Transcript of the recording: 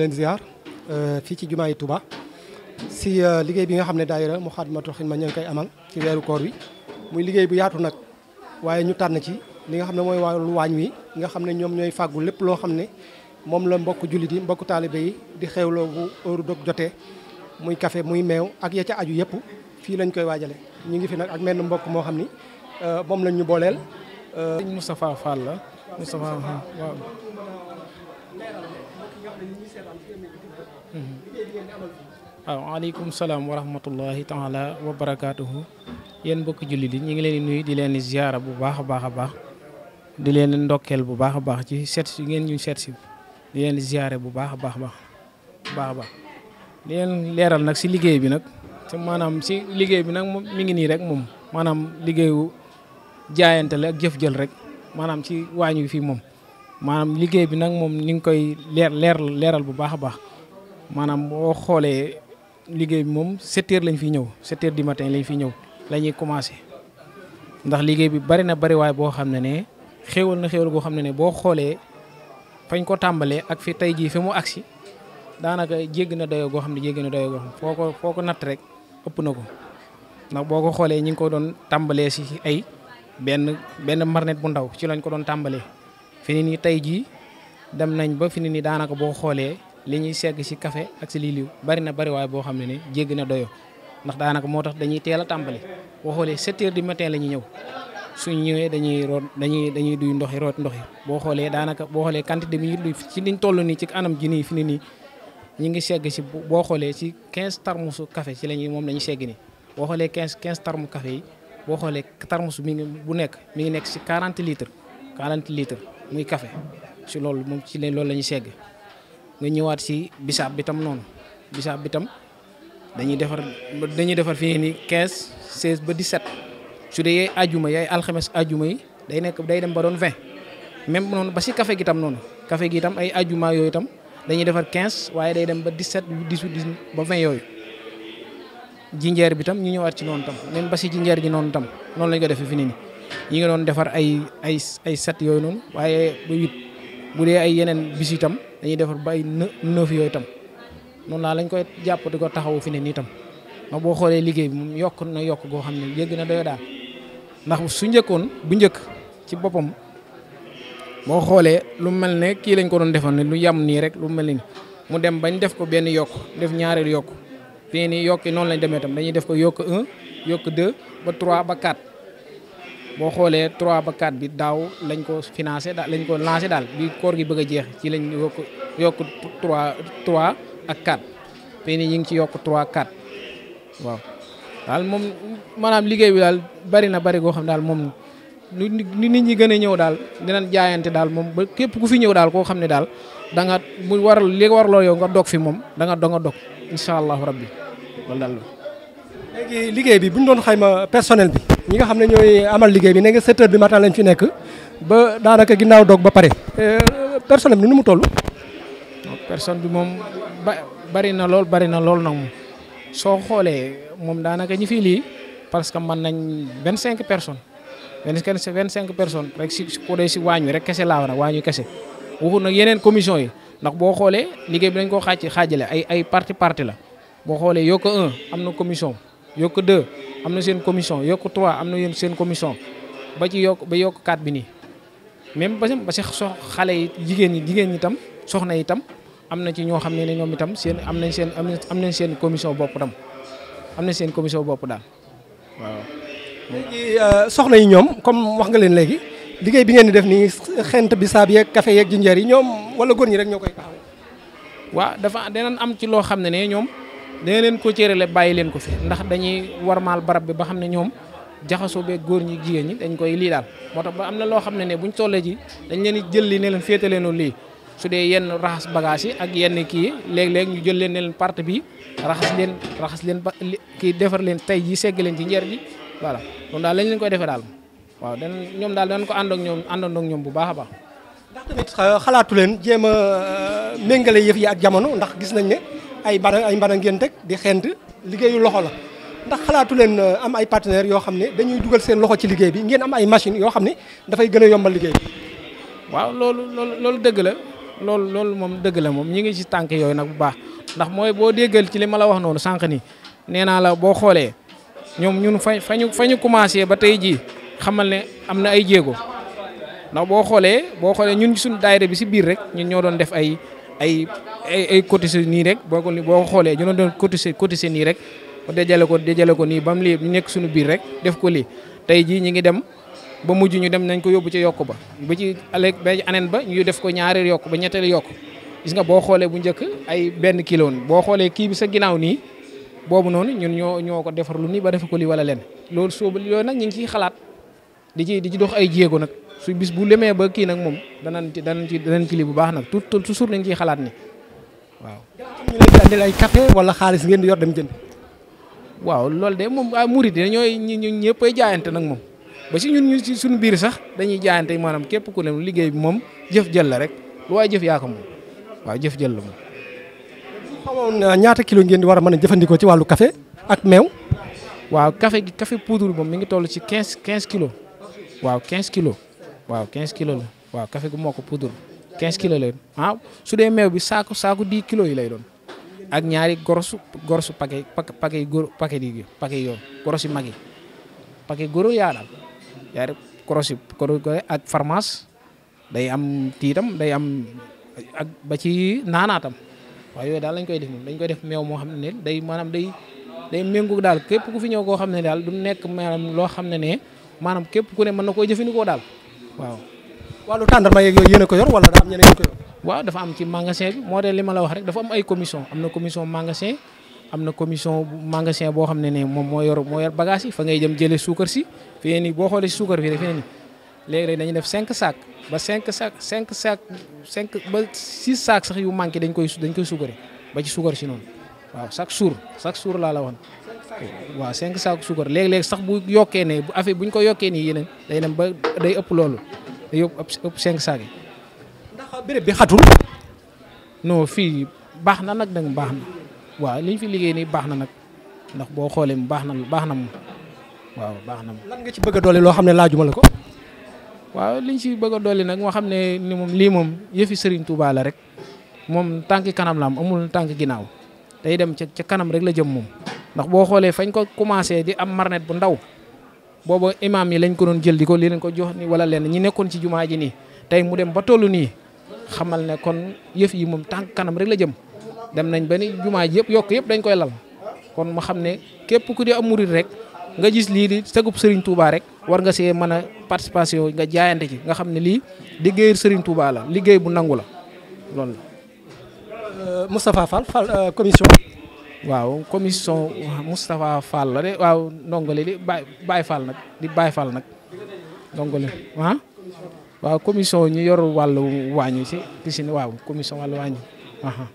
leen ziar euh, fii ci jumaa yi Touba si euh, liggéey bi nga xam ne daayira Moukhaddamatoul Khidma ñu ngi koy amal ci weeru koor wi muy liggéey bu yaatu nag waaye ñu tànn ci li nga xam ne mooy wàllu waañ wi nga xam ne ñoom ñooy fàggu lépp loo xam ne moom la mbokk jullit yi mbokk taalibe yi di xewloo bu heure dog jotee muy kafe muy meew ak ya ca aju yëpp fii lañ koy waajale ñu ngi fi nag ak menn mbokk moo xam ni euh, moom lañ ñu booleel. Moustapha Fall la Moustapha waaw. Mm-hmm. waaw aleykum salaam wa rahmatullahi taala wa barakaatuhu yéen mbokki jullit yi ñu ngi leen di nuyu di leen di ziara bu baax a baax a baax di leen ndokkeel bu baax a baax ci seet si ngeen ñu seet si di leen di ziare bu baax a baax baax baax baax di leen leeral nag si liggéey bi nag te maanaam si liggéey bi nag moom mi ngi nii rek moom maanaam liggéeyu jaayante la ak jëf jël rek maanaam ci waañu fii moom maanaam liggéey bi nag moom ni nga koy leer leer leeral bu baax a baax maanaam boo xoolee liggéey bi moom 7 heures lañ fiy ñëw 7 heures du matin lañ fiy ñëw lañuy ñuy commencé ndax liggéey bi bari na bari waay boo xam ne ne xéewal na xéewal goo xam ne ne boo xoolee fañ ko tàmbalee ak fi tey jii fi mu agsi daanaka jégg na dayoo goo xam ne jégg na dayoo goo xam foo ko foo ko natt rek ëpp na ko ndax boo ko xoolee ñi ngi ko doon tàmbalee si ay benn benn marnet bu ndaw ci lañ ko doon tàmbalee. fi ni tay ji dem nañ ba fi ni danaka bo xolé li ñuy ségg ci café ak ci liliw bari na bari way bo xam ni jégg na doyo ndax danaka motax dañuy téla tambalé tàmbali boo 7 h du matin lañu ñëw su ñëwé dañuy rot dañuy dañuy duy ndoxi rot ndoxi bo xolé danaka bo xolé quantité bi ñuy ci liñ tollu ni ci anam ji ni fi ni ñi ngi ségg ci bo xolé ci 15 tarmusu café ci la mom lañu ségg ni bo xolé 15 15 tarmu café bo xolé xoolee tarmus mi ngi bu nekk mi ngi nekk ci 40 litres 40 litres muy café si loolu moom ci loolu lañuy segg nga ñëwaat si bisaab bi tam noonu bisaab bi tam dañuy defar dañuy defar fii nii quinze 16 ba 17 su dee yaay ajuma yaay alxames ajuma yi day nekk day dem ba doon 20 même noonu ba si café gi tam noonu kafe gi tam ay ajuma yooyu tam dañuy defar 15 waaye day dem ba 17 18 19 ba 20 yooyu. jinjeer bi tam ñu ñëwaat ci noonu tam même ba si jinjeer ji noonu tam noonu lañ ko defee fi nii. ñu ngi doon defar ay ay ay sept yooyu noonu waaye ba huit bu dee ay yeneen bis itam dañuy defar ba ay neuf yooyu itam noonu laa lañ koy jàpp ko taxawu fi ne nii itam boo xoolee liggéey bi moom yokk na yokk goo xam ne yëgg na doyo daal ndax su njëkkoon bu njëkk ci boppam boo xoolee lu mel ne kii lañ ko doon defal ne lu yam nii rek lu mel ni mu dem bañ def ko benn yokk def ñaareelu yokk fii nii yokk noonu lañ demee itam dañuy def ko yokk un yokk deux ba trois ba quatre bo xolé 3 ba 4 bi daw lañ ko financer daal lañ ko lancer dal bi koor gi bëgg jeex ci lañ yok yokk 3 3 ak 4 te ni ñu ngi ci yok 3 4 waaw dal mom manam liggéey bi dal bari na bari go xam dal mom ni nit ñi gëna a ñëw daal dinañ jaayante dal mom ba képp ku fi ñëw dal ko xamni dal da nga mu war li war lo yow nga dog fi mom da nga dog dog inshallah rabbi loolu daal léegi liggéey bi buñ doon xayma personnel bi ñi nga xamne ñoy amal liggéey bi ne nga 7 h du matin lañ fi nek ba daanaka ginnaw dog ba pare euh, personne ni numu tollu personne bi mom bari na lol bari na lol nak so xolé mom moom daanaka ñi fi li parce que man nañ 25 personnes vingt 25 personnes rek ci ko dee ci wañu rek kessé la wara wañu kessé kese nak yenen commission yi nak bo xolé liggéey bi dañ ko xati xajalé ay ay parti parti la bo xolé yoko 1 amna commission yoko 2 amna seen commission yok 3 amna yeen seen commission ba ci yok ba yok 4 bi ni même parce que parce que xalé yi jigen yi jigen yi tam soxna yi tam amna ci ño xamné ne ñom itam seen amna seen amna seen commission bop tam amna seen commission bop dal waaw. légui euh, soxna yi ñom comme wax nga leen légui ligay bi ngeen def ni xent bi sab yeeg café yeeg jinjari ñom wala gor ñi rek ñoo taxaw. wa dafa denan am ci lo xamné ne ñom dañ leen ko cérale bayi leen ko fi ndax dañuy warmal barab bi ba xamné ñom jaxaso jaxasoo goor ñi jigéen ñi dañ koy li dal motax ba amna lo xamné né buñ tollé ji dañ leen jël li ne leen féete leenu lii su dee yenn rahas bagage yi ak yenn ki lég lég ñu jël leen ne leen parte bi rahas leen rahas leen ki défar leen tay ji ségg leen ci njeer bi voilà loolu dal lañ leen koy defee dal waaw dañ ñom dal dañ ko ànd ak ñoom àndandoo ak bu baaxa baax ndax tamit xalaatu leen jema a euh, yef yi ak jamono ndax gis nañ né ay bara ay mbana ngeen teg di xent liggéeyu loxo la ndax xalaatu leen euh, am ay partenaires yoo xam ne dañuy dugal seen loxo ci liggéey bi ngeen am ay machines yoo xam ne dafay gën a yombal liggéey bi. waaw loolu loolu loolu dëgg la loolu loolu moom dëgg la moom ñi ngi ci tànk yooyu nag bu baax ndax mooy boo déggal ci li ma la wax noonu sànq ni nee naa la boo xoolee ñoom ñun fa fa ñu fa ñu commencé ba tey jii xamal ne am na ay jéego ndax boo xoolee boo xoolee ñun suñu daayira bi ci biir rek ñun ñoo doon def ay. ay ay ay nii rek boo ko boo xoolee ñu doon cotiser cotiser nii rek dajale ko dajale ko nii ba mu lii ñu nekk suñu biir rek def ko lii tey jii ñu ngi dem ba mujj ñu dem nañ ko yóbbu ci yokk ba ba ci alek ba ci ba ñu def ko ñaari yokk ba ñetteelu yokk gis nga boo xoolee bu njëkk ay benn kilo woon boo xoolee kii bi sa ginnaaw nii boobu noonu ñun ñoo ñoo ko defar lu nii ba def ko lii wala leen loolu soobu loolu nag ñu ngi ciy xalaat di ci di ci dox ay jéego nag su bis bu leme ba kii nag moom danañ ci danañ ci danañ ci li bu bax nak tout tout toujours nañ ciy xalat ni waaw. ñu lay di andil ay café wala xaalis ngeen di yor dem jënd. waaw lool de mom ay ah, murid ñoy ñooy ñun ay jaayante nak mom ba ci ñun ñu ci suñu biir sax dañuy jaayante manam képp ku ne liggéey mom jëf jël la rek lu way jëf ya ko mom waaw jëf jël la mom xamone ah, ñaata kilo ngeen di wara mëna jëfëndiko ci walu café ak mew waaw café gi café poudre mom mi ngi toll ci 15 15 kilo waaw 15 kilo waaw 15 kilo la waaw café gu moko poudre 15 kilo la doon ah, su dé mew bi saako saako 10 kilo yi lay doon ak ñaari gorsu gorsu paquet paquet gor paquet yi paquet yoon gorsu mag yi paquet góor yaa daal ñaari gorsu ak pharmace day am titam day am ak ba ci naanaatam waaw yooyu dal lañ koy def dañ koy def mew mo xam day manam day day mengu dal kep ku fi ñëw koo xam dal du nekk manam lo xam ne manam kep ku ne man nako jëfëni ko dal waaw wàllu tàndarma yeeg yooyu yéen a ko yor wala daa am ñeneen ñu ko yor waaw dafa am ci magasin bi moo de li ma wax rek dafa am ay commission am commission magasin am commission magasin boo xam ne ne moom moo yor moo yor bagage yi fa ngay jëm jëlee suukar si fii nii boo xoolee si suukar fii rek fii nii léegi-léegi def 5 sac ba 5 sac 5 sac 5 ba 6 sac sax yu manqué dañ koy dañ koy suukare ba ci suukar si noonu waaw chaque jour chaque jour laa la woon waaw cinq saako suukar léeg-léeg sax bu yokkee ne bu affaire bu ñu ko yokkee nii yeneen day dem ba day ëpp loolu day ëpp cinq saak yi. ndax béréb bi xatul. non fii baax na nag nag baax na waaw li ñu fi liggéey nii baax na nag ndax boo xoolee mu baax na baax na moom waaw baax na moom. lan nga ci bëgg a doole loo xam ne laajuma la ko. waaw liñ ci bëgg a dolli nag moo xam ne ni lii moom yëfi Serigne Touba la rek moom tànk kanam la amul tànk ginnaaw day dem ca ca kanam rek la jëm moom. ndax boo xoolee fañ ko commencé di am marnet bu ndaw booba imaam yi lañ ko doon jël di ko li leen ko jox nii wala lenn ñi nekkoon ci jumaa ji nii tey mu dem ba tollu nii xamal ne kon yëf yi moom tànk kanam rek la jëm dem nañ ba ni jumaa ji yëpp yokk yëpp dañ koy lal kon mu xam ne képp ku di am murit rek nga gis lii di sagub sëriñ Touba rek war nga see mën a participation nga jaayante ci nga xam ne lii liggéeyu sëriñ Touba la liggéey bu nangu la loolu euh, waaw commission Moustapha Fall la de waaw ndongole di Baye Baye Fall nag di Baye Fall nag ndongole ah waaw commission ñu yor wàllu waañu si piscine waaw commission wàllu waañu